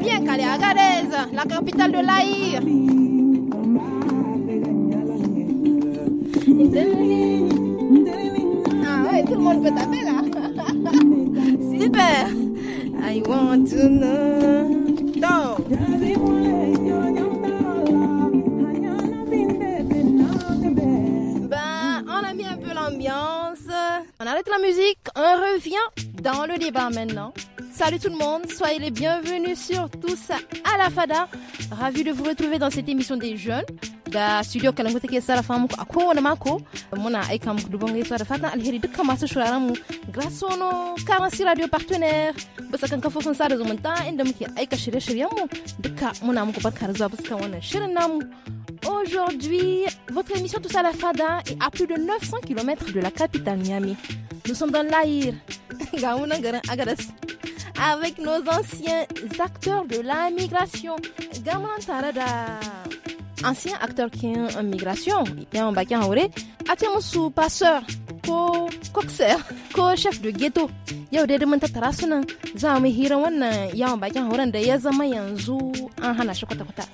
bien calé à Gadez, la capitale de l'Aïr. Ah ouais, tout le monde peut taper là. Super. I want to know. Ben, on a mis un peu l'ambiance. On arrête la musique, on revient dans le débat maintenant. Salut tout le monde, soyez les bienvenus sur Tous à la Fada. Ravi de vous retrouver dans cette émission des jeunes da studio kalangu take sarrafa muku a kowane mako muna aika muku dubon gaisuwa da fatan alheri dukkan masu shuraren mu grasono kama si radio partenaire bisa kan kafofin sada zumunta inda muke aika shirye-shiryen mu duka muna muku barka da zuwa fuskan wannan shirin namu Aujourd'hui, votre émission Tous à la Fada est à plus de 900 km de la capitale Miami. Nous sommes dans l'Aïr, avec nos anciens acteurs de la migration ancien acteur qui est en migration, il est en bac en a un sous passeur, co coxer, ko chef de ghetto. Yau da mun tattara su nan za mu Il wannan un bakin horon da ya zama yanzu an hana shi kwata-kwata.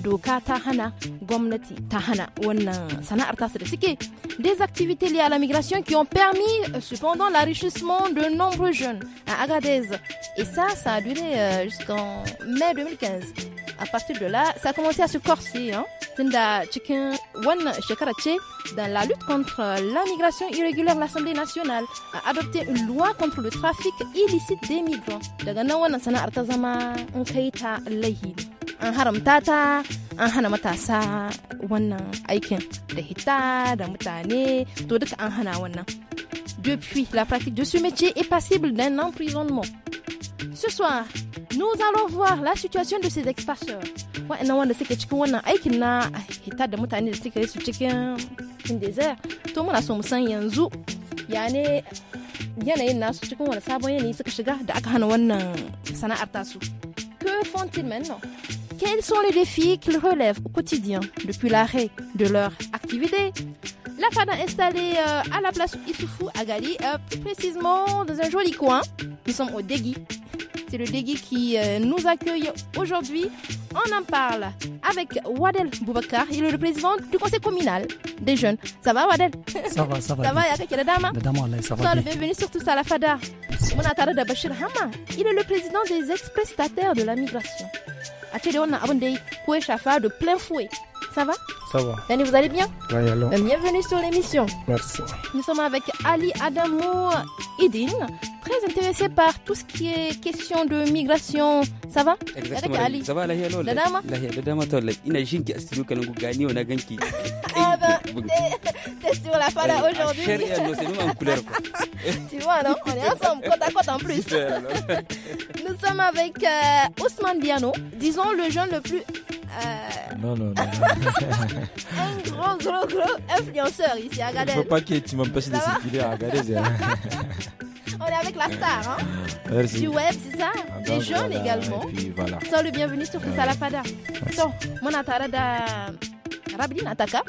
Doka ta hana, gwamnati ta hana wannan sana'ar tasu da suke. Des activités liées à la migration qui ont permis euh, cependant l'enrichissement de nombreux jeunes à Agadez. Et ça, ça a duré euh, jusqu'en mai 2015 à partir de là, ça a commencé à se corser. Hein? Dans la lutte contre la migration irrégulière, l'Assemblée nationale a adopté une loi contre le trafic illicite des migrants. depuis la pratique de ce métier est passible d'un emprisonnement ce soir, nous allons voir la situation de ces ex hein, euh, Que font-ils maintenant? Quels sont les défis qu'ils relèvent au quotidien depuis l'arrêt de leur activité? La fada installée euh, à la place Issoufou à Gali, euh, précisément dans un joli coin. Nous sommes au Degui, C'est le Degui qui euh, nous accueille aujourd'hui. On en parle avec Wadel Boubacar. Il est le président du conseil communal des jeunes. Ça va, Wadel Ça va, ça va. Ça va, avec la dame hein? ça va. bienvenue surtout à la fada. Hama. Il est le président des ex-prestataires de la migration. Achille, on a abondé, de plein fouet. Ça va Ça va. Dani, vous allez bien Oui, allons. Euh, bienvenue sur l'émission. Merci. Nous sommes avec Ali Adamo Idin, très intéressé par tout ce qui est question de migration. Ça va Exactement. Avec Ali. Ça va, Lahiya Lola. La dama La dama, toi, Ina Jinki, Astidio Kanangugani, on a Ganki. Ah ben, t'es sur la là aujourd'hui. c'est nous en couleur. Tu vois, non On est ensemble, côte à côte en plus. Nous sommes avec euh, Ousmane Biano, disons le jeune le plus euh, non, non, non. un grand, grand, grand influenceur ici à Agadez. Je ne pas pas qu'il tu m'empêches de circuler à Agadez. Hein. On est avec la star hein Merci. du web, c'est ça ah, Des ben jeunes également. Et puis le sur Kusalafada. Pada. Donc, mon atarada Rabli Nataka,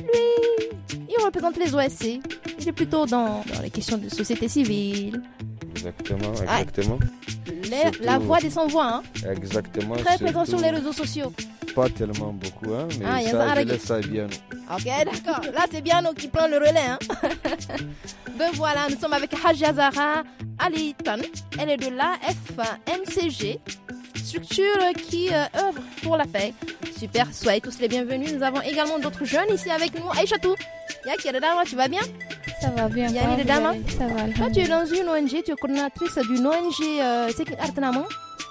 lui, il représente les OSC. Il est plutôt dans, dans les questions de société civile. Exactement, ah, exactement. la voix des sans-voix. Hein. Exactement. Très présent sur les réseaux sociaux pas tellement beaucoup, hein, mais ah, ça, je laisse à Ok, d'accord. Là, c'est bien, Biano qui prend le relais. Hein. ben voilà, nous sommes avec Hajazara Tan. Elle est de l'AFMCG, structure qui euh, œuvre pour la paix. Super, soyez tous les bienvenus. Nous avons également d'autres jeunes ici avec nous. Tou, Yaki Dama, tu vas bien ça va bien. Yaki dames. Ça va. Toi, tu es dans une ONG, tu es coordinatrice d'une ONG, euh, c'est qui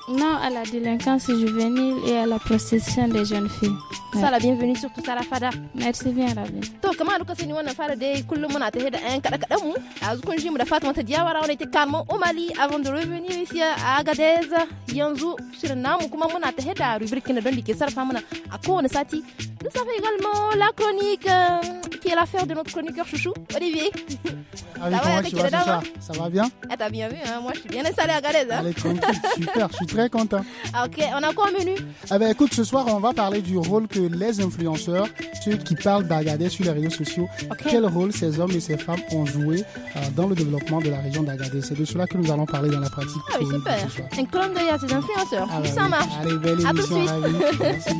non, à la délinquance juvénile et à la prostitution des jeunes filles. Ça la bienvenue surtout ça la fada. Merci bien Rabi. To comment ka sani wannan fara dai kullum muna tafe un cadre kada kadan mu. Yanzu kun ji mu da Fatima ta Diawara wanda Mali avant de revenir ici à Agadez. Yanzu shirin namu kuma muna tafe da rubrique na don dike sarfa muna a est sati. Nous avons également la chronique euh, qui est l'affaire de notre chroniqueur chouchou, Olivier. Ah oui, tu vas, ça, hein? ça va bien Ah, t'as bien vu, hein moi je suis bien installé à Agadez. Hein. Elle est tranquille, super, très content. Ah, ok, on a quoi au menu eh ben, écoute, ce soir, on va parler du rôle que les influenceurs, ceux qui parlent d'Agadez sur les réseaux sociaux, quel rôle ces hommes et ces femmes ont joué euh, dans le développement de la région d'Agadez. C'est de cela que nous allons parler dans la pratique. Ah oui, super. Un clone de ces influenceurs. Ah, ça marche. Allez, tout de suite.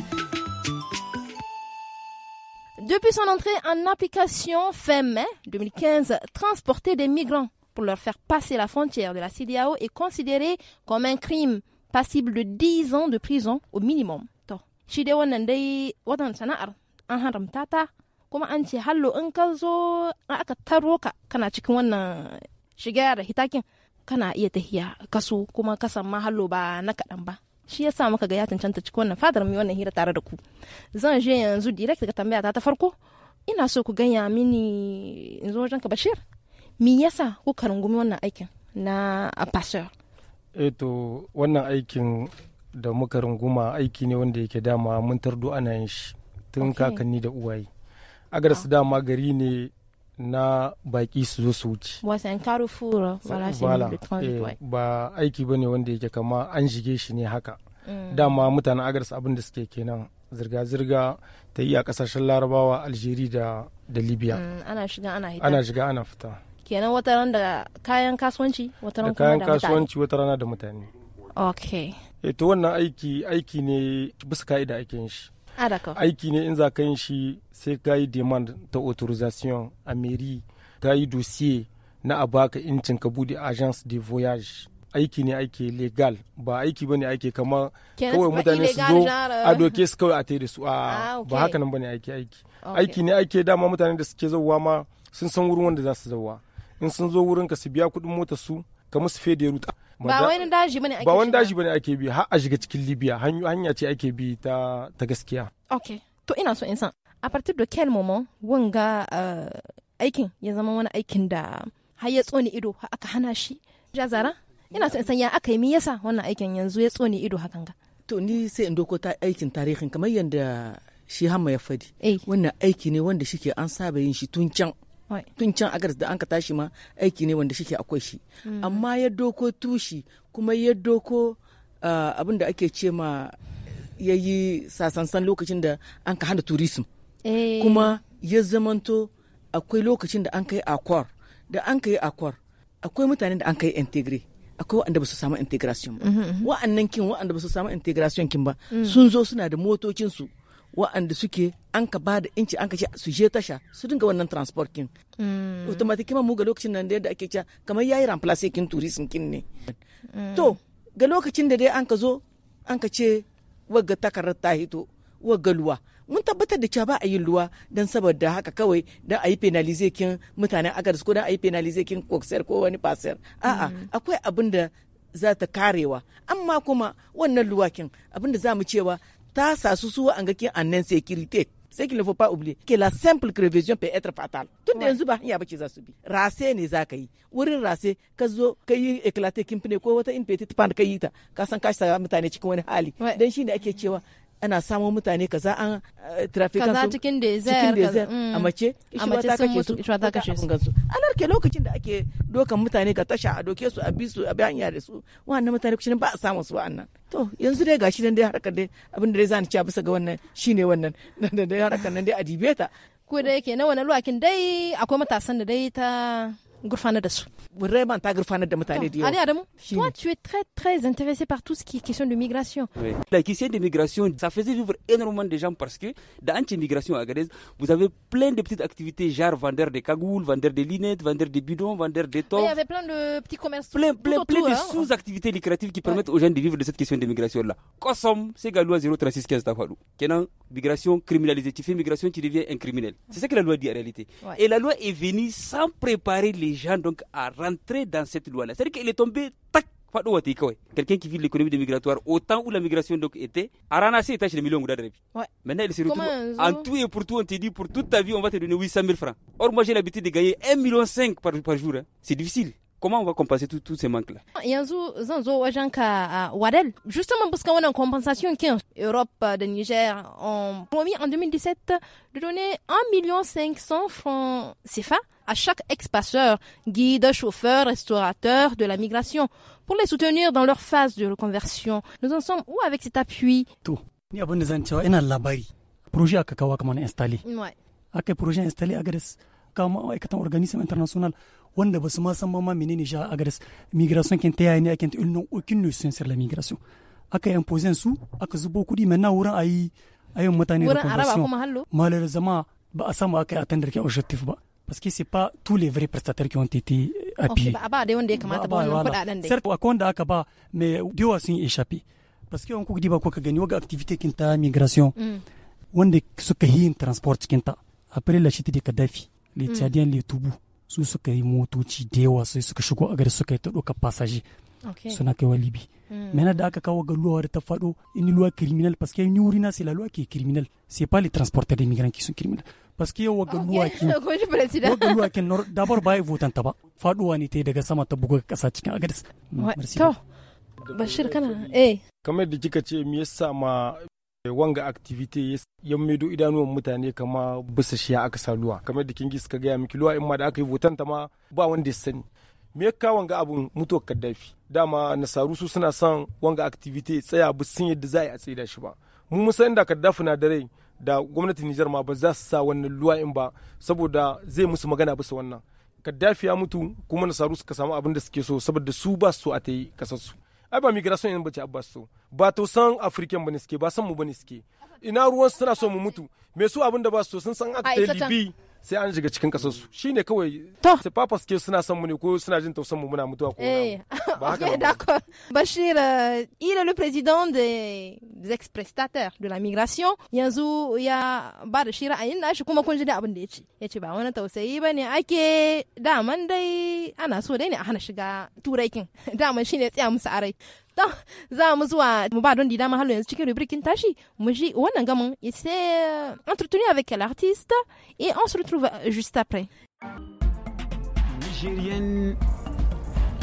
Depuis son entrée en application fin mai 2015, transporter des migrants pour leur faire passer la frontière de la CDAO est considéré comme un crime passible de 10 ans de prison au minimum. To, shi dai wannan dai wannan sana'ar an haramta ta kuma an ce hallo in ka zo aka taro ka kana cikin wannan shiga da hitakin kana iya tahiya kaso kuma kasan ma hallo ba na kaɗan ba. Shi ya sa muka ga ya cancanta cikin wannan fadar mai wannan hira tare da ku. Zan je yanzu direct ga tambaya ta ta farko. Ina so ku ganya mini in zo wajen ka Bashir. Me yasa kuka rungumi wannan aikin na a passer. eto eh wannan aikin da muka runguma aiki ne wanda yake dama mun tardo ana yin shi tun kakanni da uwaye agar su ah. dama gari ne na baki su zo su wuce eh, ba aiki ba ne wanda yake kama an shige shi ne haka mm. dama mutanen agarsu abin da suke kenan zirga-zirga ta yi a kasashen larabawa algeria da libya mm, ana shiga ana fita kenan wata ran da kayan kasuwanci wata ran kuma da kayan kasuwanci wata rana da mutane okay e to wannan aiki aiki ne bisa ka'ida ake yin shi ah, aiki ne in za ka yin shi sai ka yi demand ta authorization a mairie ka yi dossier na a baka incin ka bude agence de voyage aiki ne ake legal ba aiki bane ake kama kawai mutane su zo a doke su kawai a tai da su a ah, ah, ba haka nan bane aiki aiki aiki ne ake dama mutane da suke zauwa ma sun san wurin wanda za su zauwa in sun zo wurinka su biya kuɗin motar su ka musu fede ruta ba wani daji bane ake ba wani daji bane ake bi har a shiga cikin libya hanya ce ake bi ta ta gaskiya okay to ina so in san a partir da quel Momo wanga uh, aikin ya zama wani aikin da har ya tsoni ido aka hana shi jazara ina so in san ya aka yi me yasa wannan aikin yanzu ya tsoni ido hakan ga to ni sai in doko ta aikin tarihin kamar yadda shi hama ya fadi eh. wannan aiki ne wanda shike an saba yin shi tun can tun can agar da an ka tashi ma aiki ne wanda shike akwai shi mm. amma ya doko tushi kuma ya doko ah, abin da ake ce ma ya yi sasansan lokacin da an ka hana turism eh. kuma ya zamanto akwai lokacin da an ka yi akwar da an ka yi akwar akwai mutane da an ka yi integre akwai waɗanda ba su samu integration ba mm-hmm, mm-hmm. wa'annan kin waɗanda ba su samu integration kin ba mm. sun zo suna da motocinsu wa'anda suke an ka ba da inci an ka ce su je tasha su dinga wannan transport kin mm. automatically mu ga lokacin nan da yadda ake cewa kamar yayi ramplace kin tourism kin ne mm. to ga lokacin da dai an ka zo an ka ce wagga takarar ta hito wagga luwa mun tabbatar da cewa ba a yi luwa don saboda haka kawai don a yi penalize kin mutanen agadis ko don a yi penalize kin koksiyar ko wani fasiyar a'a mm. akwai abin da za ta karewa amma kuma wannan luwakin abin da za mu cewa ta sa su su an ga kin annan security qu'il ne faut pas oublier que la simple prévision peut être fatale tun da yanzu ba hanya za su bi rase ne za ka yi wurin rase ka zo ka yi eclate kimfine ko wata in petite pan ka yi ta ka san ka sa mutane cikin wani hali dan shine ake cewa ana samo mutane kaza an eh, trafikan mm. su cikin desert a mace kishiwa ta kashe su ta kashe su ke lokacin da ake dokan mutane ga tasha a doke su a bi su a bi hanya da su wannan mutane kushin ba a samu su wa'annan to yanzu dai gashi nan dai harkar dai abin da dai zan ci bisa ga wannan shine wannan da dai harkar nan dai a dibeta ko da yake na wani luwakin dai akwai matasan da dai ta Vraiment, de oh. allez, toi, tu es très, très intéressé par tout ce qui est question de migration. La question de migration, ça faisait vivre énormément de gens parce que dans Anti-Migration à Agadez, vous avez plein de petites activités, genre vendeur de cagoules, vendeur de lunettes, vendeur de bidons, vendeur d'étoffes. Il y avait plein de petits commerces. Plein, plein, plein de hein. sous-activités lucratives qui permettent aux gens de vivre de cette question de migration-là. Kossom, c'est la loi 0365 d'Afalu. Kenan, migration criminalisée. Tu fais migration, tu deviens un criminel. C'est ce que la loi dit en réalité. Et la loi est venue sans préparer les les gens donc à rentrer dans cette loi-là. C'est-à-dire qu'il est tombé, tac, Quelqu'un qui vit l'économie migratoires au temps où la migration donc était, a et chez les millions de ouais. Maintenant, il se retrouve euh, en tout et pour tout, on te dit pour toute ta vie, on va te donner 800 000 francs. Or, moi, j'ai l'habitude de gagner 1 million par, par jour. Hein. C'est difficile. Comment on va compenser tous ces manques-là euh, justement parce qu'on a une compensation en Europe euh, de Niger a promis en 2017 de donner 1,5 million francs CFA à chaque ex-passeur, guide, chauffeur, restaurateur de la migration pour les soutenir dans leur phase de reconversion. Nous en sommes où avec cet appui Tout. Ni abun zan ina labari. Projet installé. projet installé À Grèce kawo un organisme international wanda ba ma san ma menene ja migration kin ta ne akin la migration aka yan su aka zubo dit mai na wurin ayi ayin mutane da conversion malar ba objectif parce que c'est pas tous les vrais prestataires qui ont été appuyés. parce que on ko gani migration Ils mm. suka transport après la chute de Kadhafi litadiyan mm. letubu su suka yi motoci da yawa sai suka shigo a gari suka yi ta ɗaukar fasaje suna kaiwa libi mm. mena da aka kawo ga luwa da ta faɗo in luwa criminal parce que ni n'a c'est la loi qui est criminal c'est pas les transporteurs des migrants qui sont criminels parce que yau ga luwa ki ga luwa ki da ba bai votan ta ba faduwa ne ta daga sama ta buga kasa cikin agadis to bashir kana eh kamar da kika ce me yasa ma Eh, wanga activity ya maido idanuwan mutane kama bisa ya aka sa kamar da kin ka gaya miki luwa in ma da aka yi votan ta ma ba wanda ya sani me ya kawo wanga abun mutuwar kaddafi dama nasaru su suna son wanga activity ya tsaya ba sun yadda za a yi a tsaida shi ba mu musayin da kaddafi na da rai da gwamnatin Nijar ma ba za su sa wannan luwa in ba saboda zai musu magana bisa wannan kaddafi ya mutu kuma nasaru suka samu abin da suke so saboda su ba su a ta yi kasarsu ai ba migration in bace abbas so ba to san african bane suke ba san mu bane suke ina ruwan suna so mu mutu me su abin da ba so sun san aka libi sai an shiga cikin kasar su mm. shine kawai to sai papas ke suna son mu ne ko suna jin tausan mu muna mutuwa ko eh. ba haka d'accord Bachir euh, il est le président des, des ex-prestataires de la migration yanzu ya ba a yin nashi kuma kun ji da abin da yace yace ba wani tausayi bane ake daman dai ana so dai ne a hana shiga turai turaikin daman shine tsaya musu arai to za mu zuwa mu ba don dida mahalo yanzu cikin rubrikin tashi mu ji wannan gamin c'est entretenu avec l'artiste et on se euh, juste après. Nigérienne,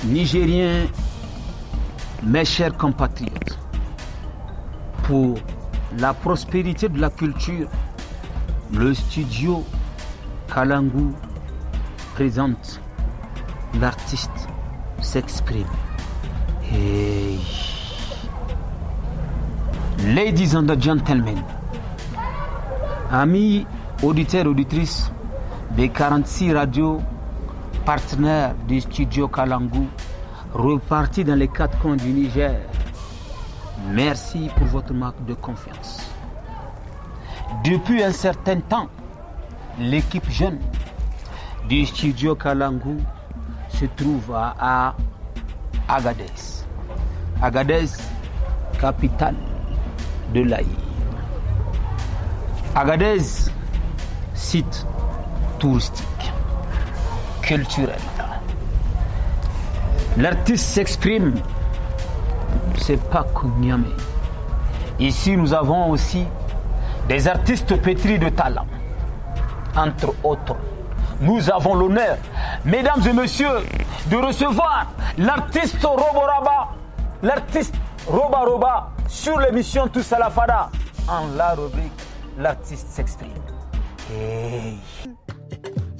Nigérien, mes chers compatriotes, pour la prospérité de la culture, le studio Kalangu présente l'artiste s'exprime. Et Ladies and gentlemen, amis auditeurs, auditrices, des 46 radios partenaires du studio Kalangu, repartis dans les quatre coins du Niger. Merci pour votre marque de confiance. Depuis un certain temps, l'équipe jeune du studio Kalangu se trouve à, Agadez. Agadez, capitale de l'Aïe. Agadez, site touristique, culturelle. L'artiste s'exprime, c'est pas Kounyame. Ici, nous avons aussi des artistes pétris de talent, entre autres. Nous avons l'honneur, mesdames et messieurs, de recevoir l'artiste Roboraba, l'artiste Robaroba, sur l'émission Tous à la Fada, en la rubrique L'artiste s'exprime. Hey.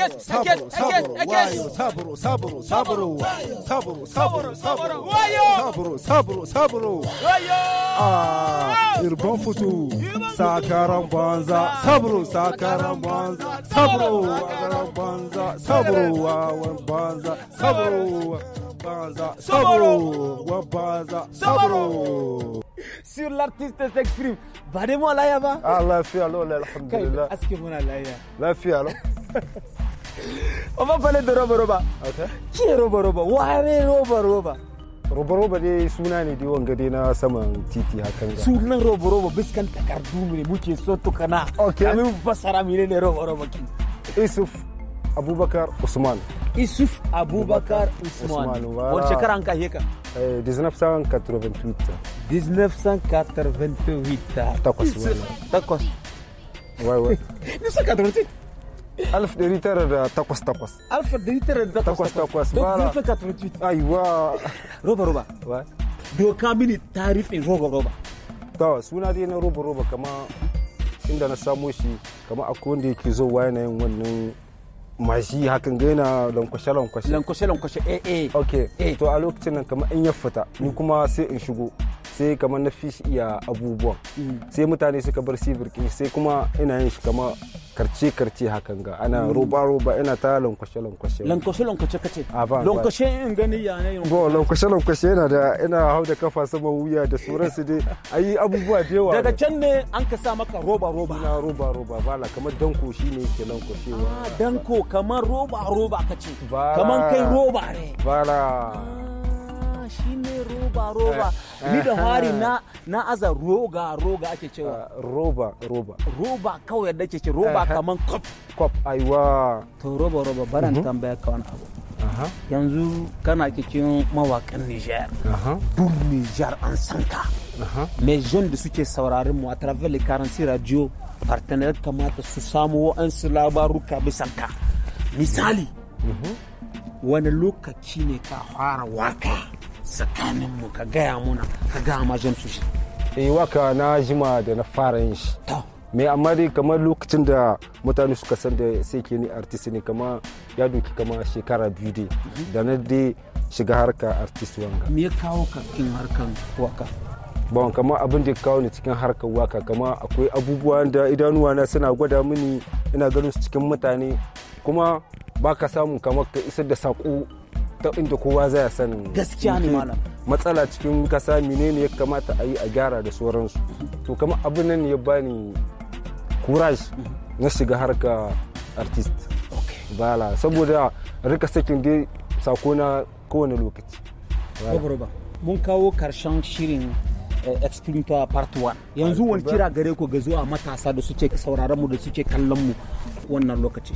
اكس اكس اكس صبروا صبروا صبروا صبروا صبروا صبروا صبروا صبروا صبروا irban fito sakaran banza sabro sakaran banza sabro sakaran banza sabro wawan banza sabro banza sabro wa banza sabro sur l'artiste s'exprime بعد ما لا يابا الله في الله الحمد لله اسكي من الله لا في الله on va parler de roba roba okay. ye est roba roba ware roba roba roba roba dai suna ne dai wanga dai na saman titi hakan ga sunan roba roba biskan takardu ne muke so tukana okay kamin fasara mine ne roba roba ki isuf abubakar usman isuf abubakar usman, usman wani shekara an kashe ka 1988 1988 eh, takwas wai wai 1988 1988 1988 bara 1988 aiwa roba roba doka mini tarifin roba roba to suna dai na roba roba kama inda na samo shi kama akwai wanda yake zowa yanayin wannan mashi hakan ga yana lankwashe lankwashe lankwashe lankwashe eh eh ok eh. to a lokacin nan kama in ya fita ni kuma sai in shigo sai kama na fish iya abubuwan mm. sai mutane suka bar sibirki sai kuma ina yin shi kama karce karce hakan ga ana roba roba ina ta lankwashe lankwashe lankwashe lankwashe kace lankwashe in gani ya ne bo lankwashe lankwashe yana da ina hau da kafa sama wuya da sauran su dai ayi abubuwa da yawa daga can ne an ka sa maka roba roba na roba roba bala kamar danko shine yake lankwashewa ah danko kamar roba roba kace kamar kai roba ne bala ah, shine roba roba eh. ni da hari na na aza roga roga ake cewa ah, roba roba roba kawai yadda ke ce roba kaman cup cup aiwa to roba roba baran mhm. tambaya ka wani abu yanzu kana cikin mawakan Niger duk Niger an san ka mai da suke saurarin mu a travel currency radio partner kamata su samu wa'ansu labaruka bisan ka misali mhm. wani lokaci ne ka fara waka tsakaninmu ka gaya muna ka gaya ma jan su shi eh waka na jima da na fara yin shi mai amma dai kamar lokacin da mutane suka san da sai ke ni artist ne kama ya doki kama shekara biyu dai da na dai shiga harka artist wanga me ya kawo ka kin harkan waka ba kama abin da ya kawo ni cikin harkar waka kama akwai abubuwa da idanuwa na suna gwada mini ina ganin su cikin mutane kuma ba ka samu kamar ka isar da sako ta inda kowa zai san gaskiya ne malam matsala cikin kasa menene ya kamata a yi a gyara da sauransu to kama abin nan ya bani courage na shiga harka artist bala saboda rika sakin dai sako na kowane lokaci mun kawo karshen shirin eh, experimental part 1 yanzu wani kira gare ku ga zuwa matasa da suke sauraron mu da suke kallon mu wannan lokaci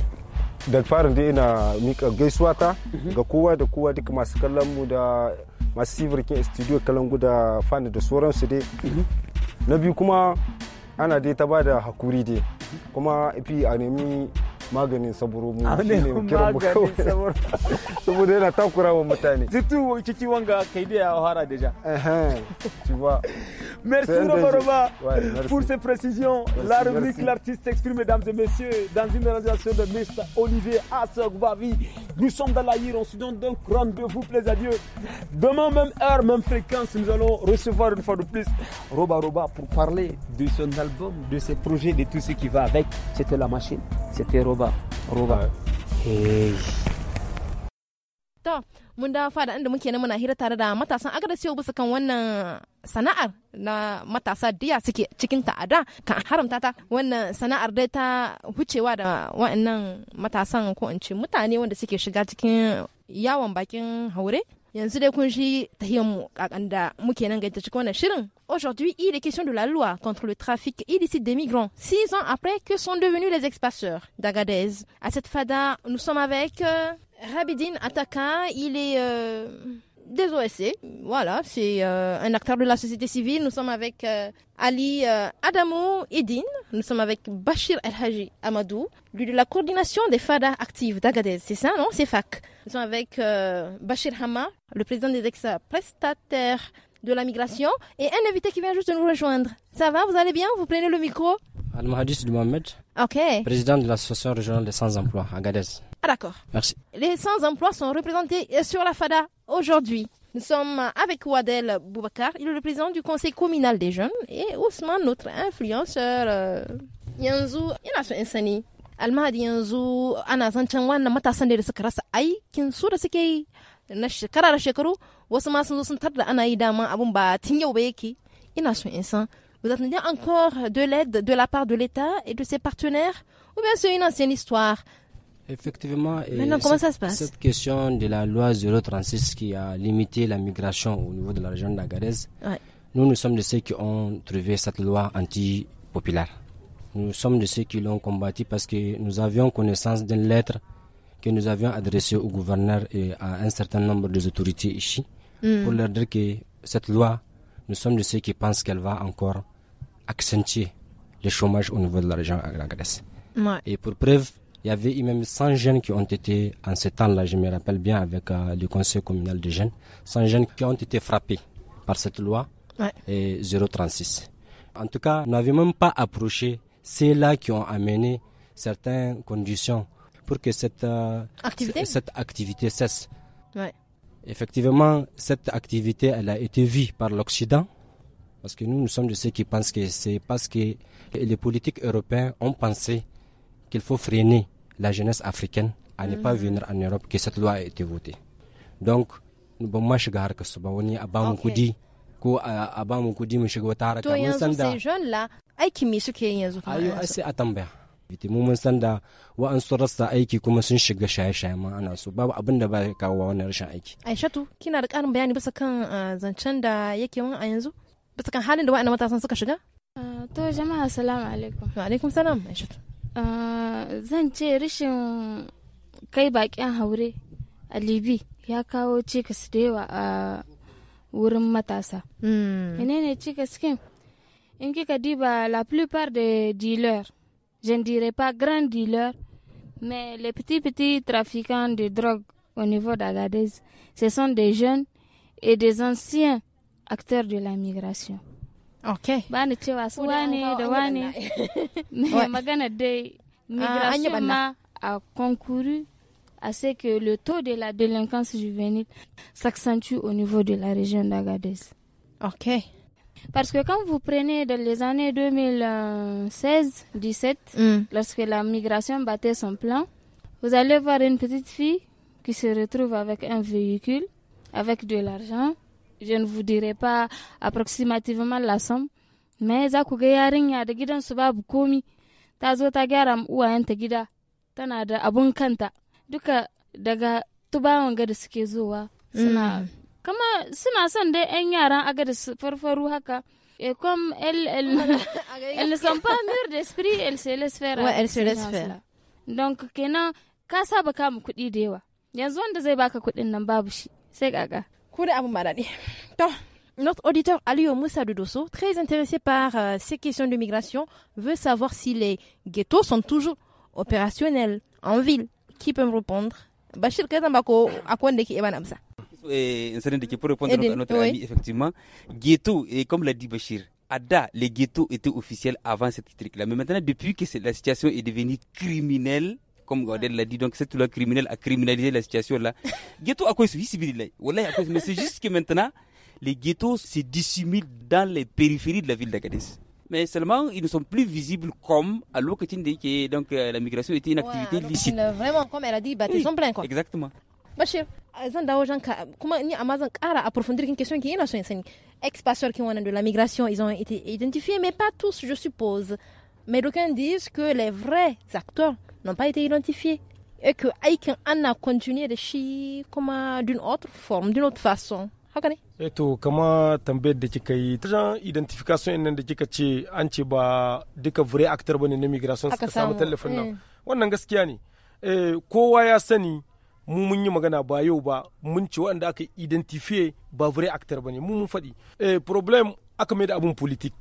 da farin dai ina mika gaisuwa ta mhm. ga kowa da kowa duka masu kallon mu da masu studio kallon da fani da sauransu dai mhm. na biyu kuma ana dai ta ba da hakuri dai kuma ifi a nemi maganin tout mu tout ah, mu tu vois merci Roba Roba pour ces précisions la rubrique l'artiste exprime mesdames et messieurs dans une réalisation de Mr Olivier Asogbavi. nous sommes dans la en on se donne donc rendez-vous plaisir à demain même heure même fréquence nous allons recevoir une fois de plus Roba Roba pour parler de son album de ses projets de tout ce qui va avec c'était la machine c'était Roba roba roba eh. to mun dawo fada inda muke na muna hira tare da matasan agada siyo bisa kan wannan sana'ar na matasa diya suke cikin ta'ada kan haramta ta wannan sana'ar dai ta hucewa da wa'annan matasan ko in ce mutane wanda suke shiga cikin yawon bakin haure yanzu dai kun shi tahiyan mu kakan da muke nan gaita cikin wannan shirin Aujourd'hui, il est question de la loi contre le trafic illicite des migrants, six ans après que sont devenus les ex-passeurs d'Agadez. À cette fada, nous sommes avec euh, Rabidine Ataka. Il est euh, des OSC. Voilà, c'est euh, un acteur de la société civile. Nous sommes avec Ali Adamo Edine. Nous sommes avec Bachir El Haji Amadou, lui de la coordination des FADA actives d'Agadez. C'est ça, non C'est FAC. Nous sommes avec Bachir Hama, le président des ex-prestataires de la migration et un invité qui vient juste de nous rejoindre. Ça va, vous allez bien Vous prenez le micro Al-Mahadis Mohamed. Président de l'association régionale des sans-emploi, Agadez. Ah d'accord. Merci. Les sans-emploi sont représentés euh, sur la FADA aujourd'hui. Nous sommes avec Wadel Boubacar, il est le président du conseil communal des jeunes, et Ousmane, notre influenceur. Euh, Yanzou, yanzu, Insani. Al Mahdi yanzu ana zancen wannan matasan da vous attendez encore de l'aide de la part de l'État et de ses partenaires ou bien c'est une ancienne histoire Effectivement, Maintenant, comment cette, ça se passe cette question de la loi 036 qui a limité la migration au niveau de la région de ouais. nous, nous sommes de ceux qui ont trouvé cette loi anti-populaire. Nous sommes de ceux qui l'ont combattue parce que nous avions connaissance d'une lettre que nous avions adressé au gouverneur et à un certain nombre des autorités ici hmm. pour leur dire que cette loi, nous sommes de ceux qui pensent qu'elle va encore accentuer le chômage au niveau de la région de la Grèce. Et pour preuve, il y avait même 100 jeunes qui ont été, en ce temps-là, je me rappelle bien avec euh, le conseil communal des jeunes, 100 jeunes qui ont été frappés par cette loi et 036. En tout cas, nous n'avions même pas approché ceux-là qui ont amené certaines conditions pour que cette, euh, activité? cette activité cesse. Effectivement, cette activité, elle a été vue par l'Occident, parce que nous, nous sommes de ceux qui pensent que c'est parce que les politiques européens ont pensé qu'il faut freiner la jeunesse africaine à ne pas mm. venir en Europe que cette loi a été votée. Donc, nous sommes euh, là. asibiti mu mun san da wa'an rasa aiki kuma sun shiga shaye-shaye ma ana so babu abin da ba ya kawo wannan rashin aiki aishatu kina da karin bayani bisa kan ah, zancen da yake mun a yanzu bisa kan halin da wa'annan matasan suka shiga ah, to jama'a assalamu alaikum wa alaikum salam aishatu ah, zan ce rashin kai bakin haure a libi ya kawo cikas da yawa a wurin matasa hmm. menene cikas kin in kika diba la plupart de dealers je ne dirais pas grand dealer, mais les petits, petits trafiquants de drogue au niveau d'Agadez, ce sont des jeunes et des anciens acteurs de la migration. Ok. Mais magana ah, migration a concouru à ce que le taux de la délinquance juvénile s'accentue au niveau de la région d'Agadez. Ok. Parce que quand vous prenez dans les années 2016-17, mm. lorsque la migration battait son plan, vous allez voir une petite fille qui se retrouve avec un véhicule, avec de l'argent. Je ne vous dirai pas approximativement la somme, mais za ku ga yarinya da gidansu babu komi. Ta zo ta gida, tana da Duka daga da suke zowa Kama suna son dai 'yan yaran da farfaru haka. Et comme elles, elles, ne sont pas mûres d'esprit, elles se laissent faire. Ouais, elles se laissent faire. Donc, kenan ka saba kamun kuɗi da yawa. Yanzu wanda zai baka kuɗin nan babu shi. Sai kaga Ku da abin ba daɗi. To, Notre auditeur Alio Moussa Dosso, très intéressé par euh, ces questions de migration, veut savoir si les ghettos sont toujours opérationnels en ville. Qui peut me répondre Bachir Kadambako, à quoi euh, qui répondre à notre ami, effectivement, ghetto, et eh, comme l'a dit Bachir, Ada, les ghettos étaient officiels avant cette trique là Mais maintenant, depuis que la situation est devenue criminelle, comme Gordel l'a dit, donc cette loi criminelle a criminalisé la situation là. ghetto à quoi Mais c'est juste que maintenant, les ghettos se dissimulent dans les périphéries de la ville d'Agadez. Mais seulement, ils ne sont plus visibles comme à l'occasion que donc, euh, la migration était une activité licite. Vraiment, comme elle a dit, ils Quoi. Exactement bashir zan dawo janka kuma ni amma zan kara approfondir kin question ki ina so in sani ex-passeurs qui ont de la migration, ils ont été identifiés, mais pas tous, je suppose. Mais d'aucuns disent que les vrais acteurs n'ont pas été identifiés et que Aiken a continué de chier comme d'une autre forme, d'une autre façon. hakane et to kama tambe da kika yi ta jan identification nan da kika ce an ci ba duka vrai acteur bane na migration suka samu tallafin nan eh. wannan gaskiya ne eh, kowa ya sani mu mun yi magana ba yau ba mun ce waɗanda aka identify ba vrai actor bane mu mun faɗi eh problem aka mai da abun politik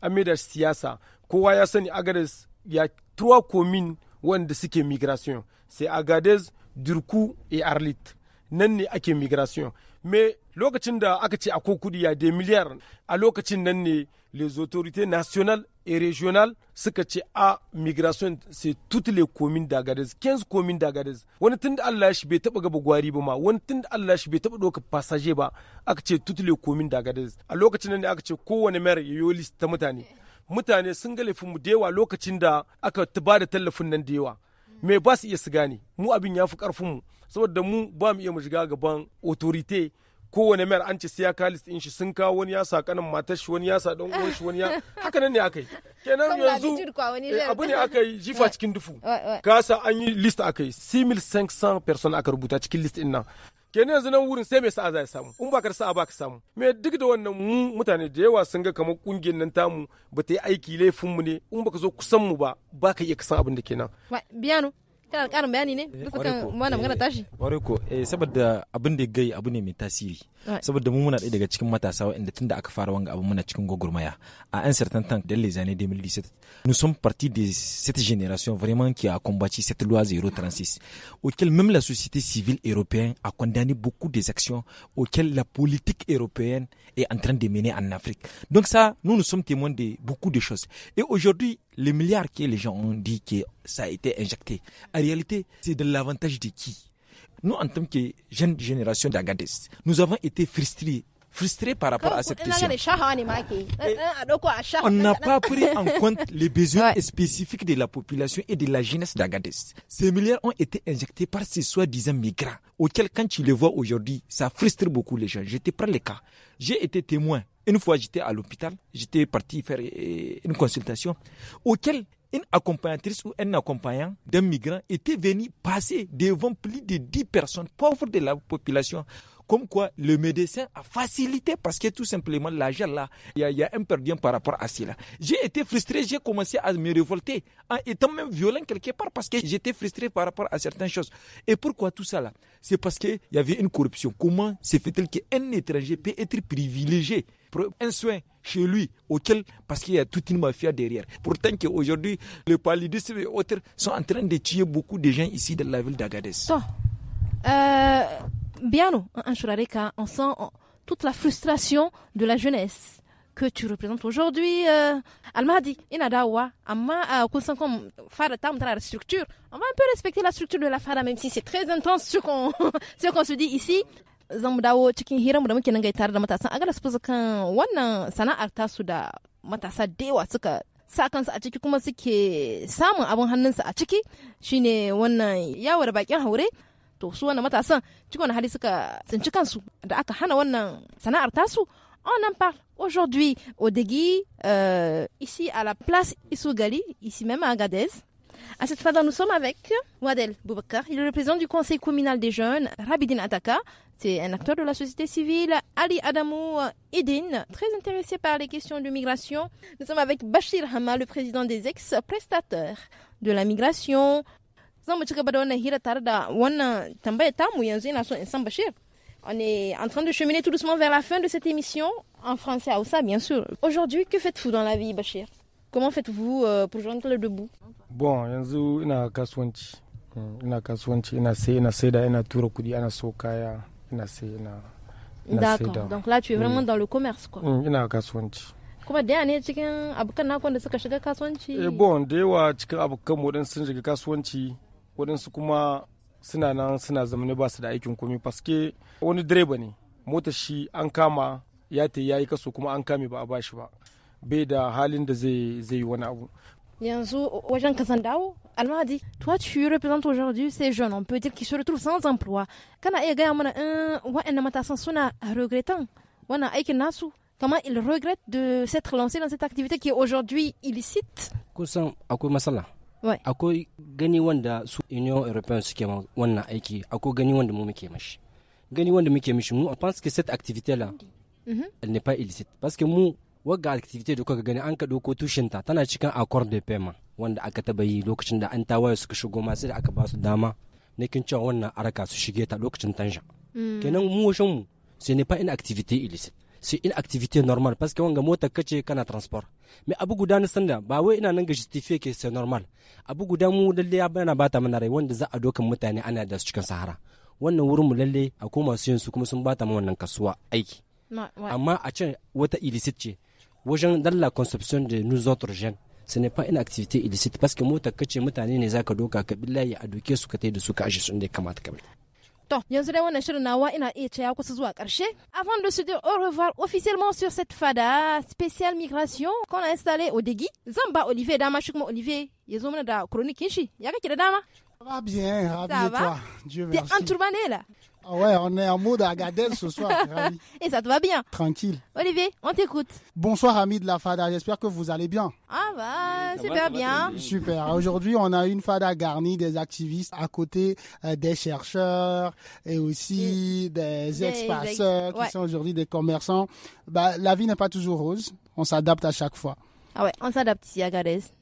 a mai da siyasa kowa ya sani agades ya trois communes waɗanda suke migration sai agades durku et arlit nan ne ake migration mais lokacin da aka ce akwai kudi ya da miliyar a lokacin nan ne les autorités nationales et régionales suka ce a migration c'est toutes les communes d'Agadez 15 communes d'Agadez wani tun da Allah shi bai taba gaba gwari ba ma wani tun da Allah shi bai taba doka passager ba aka ce toutes les communes d'Agadez a lokacin nan ne aka ce kowane mayor yayo list ta mutane mutane sun ga laifin mu da yawa lokacin da aka ba da tallafin nan da yawa me ba su iya su gane mu abin ya fi karfin mu saboda mu ba mu iya mu shiga gaban autorité kowane mayar an ce siya ya kalis din shi sun kawo wani ya sa kanin matar shi wani ya sa dan uwan shi wani ya haka nan ne aka yi kenan yanzu eh, abu ne aka yi jifa cikin dufu kasa an yi list aka yi simil 500 person aka rubuta cikin list din nan kenan yanzu nan wurin sai mai sa'a za samu in ba ka sa'a ba ka samu me duk da wannan mu mutane da yawa sun ga kamar kungiyar nan tamu ba ta yi aiki laifin mu ne in ka zo kusan mu ba ba ka iya kasan abin da kenan biyano kana karin bayani ne bisa eh, kan wannan magana eh, tashi kwarai ko eh, saboda abin da gai abu ne mai tasiri À a un certain temps dès les années 2017 nous sommes partis de cette génération vraiment qui a combattu cette loi 036 auquel même la société civile européenne a condamné beaucoup des actions auxquelles la politique européenne est en train de mener en Afrique. Donc ça, nous nous sommes témoins de beaucoup de choses. Et aujourd'hui, les milliards que les gens ont dit que ça a été injecté, en réalité, c'est de l'avantage de qui nous, en tant que jeune génération d'Agadez, nous avons été frustrés frustrés par rapport à cette question. On n'a pas pris en compte les besoins spécifiques de la population et de la jeunesse d'Agadez. Ces milliards ont été injectés par ces soi-disant migrants, auxquels quand tu les vois aujourd'hui, ça frustre beaucoup les gens. Je te prends le cas. J'ai été témoin. Une fois, j'étais à l'hôpital, j'étais parti faire une consultation, auquel une accompagnatrice ou un accompagnant d'un migrant était venu passer devant plus de 10 personnes pauvres de la population comme quoi, le médecin a facilité parce que tout simplement, l'argent là, il y, a un perdien par rapport à cela. J'ai été frustré, j'ai commencé à me révolter en étant même violent quelque part parce que j'étais frustré par rapport à certaines choses. Et pourquoi tout ça là C'est parce qu'il y avait une corruption. Comment se fait-il qu'un étranger peut être privilégié pour un soin chez lui, auquel, parce qu'il y a toute une mafia derrière. Pourtant qu'aujourd'hui, les paludistes et autres sont en train de tuer beaucoup de gens ici de la ville d'Agadez. Euh, Biano, un on sent toute la frustration de la jeunesse que tu représentes aujourd'hui. al euh, Almadi, Inadawa, Amma, euh, comme Fara Tam, la structure. On va un peu respecter la structure de la Fara, même si c'est très intense ce qu'on qu'on se dit ici. zan mu dawo cikin hiranmu da muke nan gaitar da matasan agala su kan wannan sana'ar tasu da matasa da suka sa kansu a ciki kuma suke samun abin hannunsu a ciki shine wannan yawar bakin haure on en parle aujourd'hui au Degui, euh, ici à la place Isougali, ici même à Agadez. À cette fois, nous sommes avec Wadel Boubakar. Il est le président du conseil communal des jeunes, Rabidin Ataka. C'est un acteur de la société civile, Ali Adamou Edin, très intéressé par les questions de migration. Nous sommes avec Bachir Hama, le président des ex-prestateurs de la migration, Zan mu ci gaba da wannan hira tare da wannan tambayar tamu yanzu ina so in san Bashir. On est en train de cheminer tout doucement vers la fin de cette émission, en français à Oussa, bien sûr. Aujourd'hui, que faites-vous dans la vie, Bachir Comment faites-vous euh, pour joindre le debout Bon, yanzu ina kasuwanci. Hmm, ina kasuwanci, ina sai, ina saida, ina tura kudi, ina so kaya, ina sai, ina D'accord. Donc là, tu es vraiment hmm. dans le commerce, quoi. Mm, ina kasuwanci. kuma da ne cikin abokan nakon da suka shiga kasuwanci? Eh bon, da yawa cikin abokan mu sun shiga kasuwanci waɗansu kuma suna nan suna zamane ba su da aikin komi paske wani direba ne motar shi an kama ya ta yayi kaso kuma an kame ba a bashi ba bai da halin da zai zai yi wani abu yanzu wajen dawo almadi toi tu représentes aujourd'hui ces jeunes on peut dire qu'ils se retrouvent sans emploi kana iya gaya mana in eh, waɗannan matasan suna regretant wannan aikin nasu comment ils regrettent de s'être lancés dans cette activité qui est aujourd'hui illicite kusan akwai matsala akwai gani wanda su union european suke wannan aiki akwai gani wanda mu muke mashi gani wanda muke mishi mu pense que cette activité là mhm. elle n'est pas illicite parce que mu wagga activité da kuka gani an ka dauko tushinta tana cikin accord de paiement wanda aka taba yi lokacin da an tawaye suka shigo masu da aka ba su dama ne kin cewa wannan araka su shige ta lokacin tanja mm. kenan mu washin mu ce n'est pas une activité illicite c'est une activité normale parce que wanga mota kace kana transport mai abu guda na sanda ba wai ina nan ga justifiye ke sai normal abu guda mu lalle ya bana bata mana rai wanda za a dokan mutane ana da su cikin sahara wannan wurin mu lalle a ko su yin su kuma sun bata mu wannan kasuwa aiki amma a can wata illicit ce wajen dalla conception de nous autres jeunes ce n'est pas une activité illicite parce que motar kace mutane ne zaka doka ka billahi a doke su ka tai da su ka ashe sun da kamata ka avant de se dire au revoir officiellement sur cette fada spéciale migration qu'on a installée au Degui Zamba Olivier dama Olivier ya zo mana chronique shi ya da dama va bien, toi Dieu merci. T'es là ah ouais, on est en mode Agadez ce soir. Et ça te va bien Tranquille. Olivier, on t'écoute. Bonsoir amis de la FADA, j'espère que vous allez bien. Ah bah, super bien. Super. Aujourd'hui, on a une FADA garnie des activistes à côté euh, des chercheurs et aussi des, des qui sont aujourd'hui des commerçants. Bah, la vie n'est pas toujours rose, on s'adapte à chaque fois. Ah ouais, on s'adapte ici à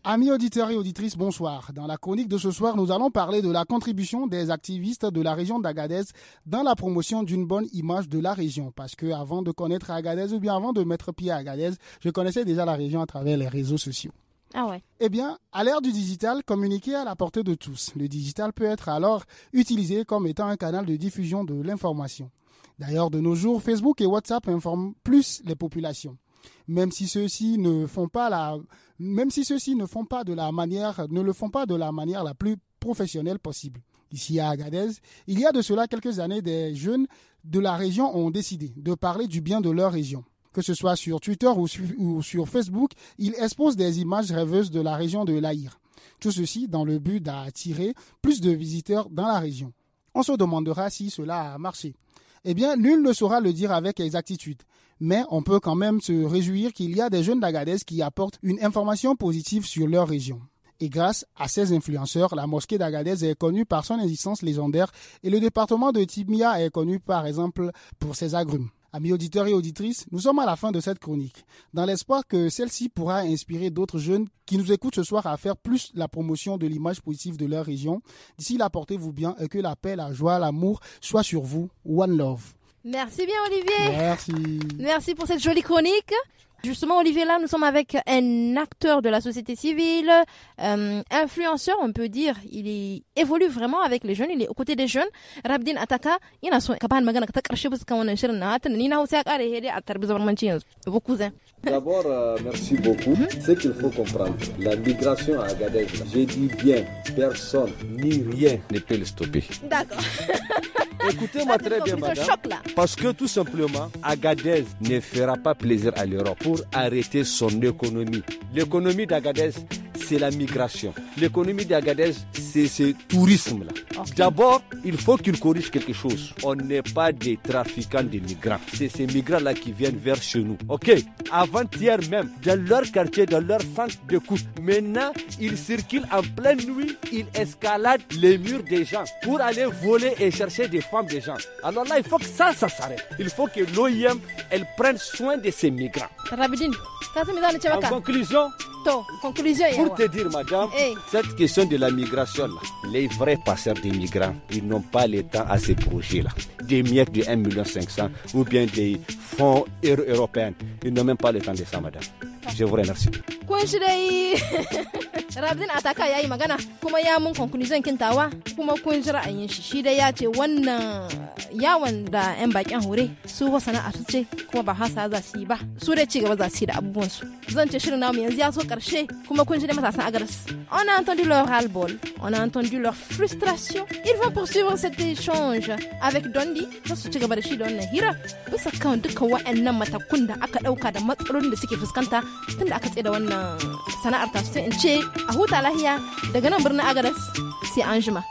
Amis auditeurs et auditrices, bonsoir. Dans la chronique de ce soir, nous allons parler de la contribution des activistes de la région d'Agadez dans la promotion d'une bonne image de la région. Parce que avant de connaître Agadez ou bien avant de mettre pied à Agadez, je connaissais déjà la région à travers les réseaux sociaux. Ah ouais. Eh bien, à l'ère du digital, communiquer à la portée de tous. Le digital peut être alors utilisé comme étant un canal de diffusion de l'information. D'ailleurs, de nos jours, Facebook et WhatsApp informent plus les populations même si ceux-ci ne font pas la, même si ceux-ci ne font pas de la manière, ne le font pas de la manière la plus professionnelle possible. Ici à Agadez, il y a de cela quelques années, des jeunes de la région ont décidé de parler du bien de leur région. Que ce soit sur Twitter ou sur, Facebook, ils exposent des images rêveuses de la région de l'Aïr. Tout ceci dans le but d'attirer plus de visiteurs dans la région. On se demandera si cela a marché. Eh bien, nul ne saura le dire avec exactitude mais on peut quand même se réjouir qu'il y a des jeunes d'Agadez qui apportent une information positive sur leur région. Et grâce à ces influenceurs, la mosquée d'Agadez est connue par son existence légendaire et le département de Tibmia est connu par exemple pour ses agrumes. Amis auditeurs et auditrices, nous sommes à la fin de cette chronique, dans l'espoir que celle-ci pourra inspirer d'autres jeunes qui nous écoutent ce soir à faire plus la promotion de l'image positive de leur région. D'ici là, portez-vous bien et que la paix, la joie, l'amour soient sur vous. One love. Merci bien, Olivier. Merci. Merci pour cette jolie chronique. Justement, Olivier, là, nous sommes avec un acteur de la société civile, euh, influenceur, on peut dire. Il évolue vraiment avec les jeunes, il est aux côtés des jeunes. Rabdin Ataka, il a son magana shirin na ni na hausa ya kare hede a Vos cousins. D'abord, euh, merci beaucoup. Mhm. Ce qu'il faut comprendre, la migration à Agadez, j'ai dit bien, personne ni rien ne peut le stopper. D'accord. Écoutez-moi très bien, Parce que tout simplement, Agadez ne fera pas plaisir à l'Europe pour arrêter son économie. L'économie d'Agadez c'est la migration. L'économie d'Agadez, c'est ce tourisme-là. D'abord, il faut qu'ils corrigent quelque chose. On n'est pas des trafiquants de migrants. C'est ces migrants-là qui viennent vers chez nous. OK Avant-hier même, dans leur quartier, dans leur centre de coûts, maintenant, ils circulent en pleine nuit, ils escaladent les murs des gens pour aller voler et chercher des femmes des gens. Alors là, il faut que ça, ça s'arrête. Il faut que l'OIM, elle prenne soin de ces migrants. Rabidine, en conclusion, pour te dire, madame, eh. cette question de la migration, les vrais passeurs des migrants, ils n'ont pas le temps à ces projets-là. Des miettes de 1,5 million ou bien des fonds européens, ils n'ont même pas le temps de ça, madame. Je vous remercie. Kun shi dai Rabdin Ataka yayi magana kuma ya mun conclusion kintawa kuma kun jira an yin shi shi dai ya ce wannan yawon da yan bakin hure su wa sana'a su ce kuma ba hasa za su yi ba su dai gaba za su yi da abubuwan su zan ce shirin namu yanzu ya so karshe kuma kun ji dai matasan agaras on a entendu leur ras bol on a entendu leur frustration ils vont poursuivre cet échange avec Dondi za su cigaba da shi da wannan hira bisa kan dukkan wa'annan matakun da aka dauka da matsalolin da suke fuskanta tun da aka tsaye da wannan sana'ar ta sai in ce a huta lahiya daga nan birnin agadas sai an jima.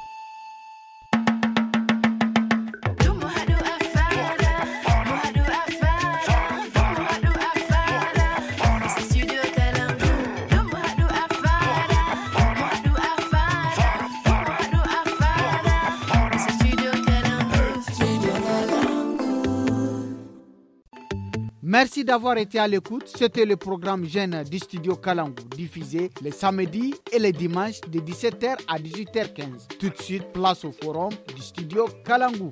Merci d'avoir été à l'écoute. C'était le programme Gêne du studio Kalangu, diffusé les samedis et les dimanches de 17h à 18h15. Tout de suite, place au forum du studio Kalangu.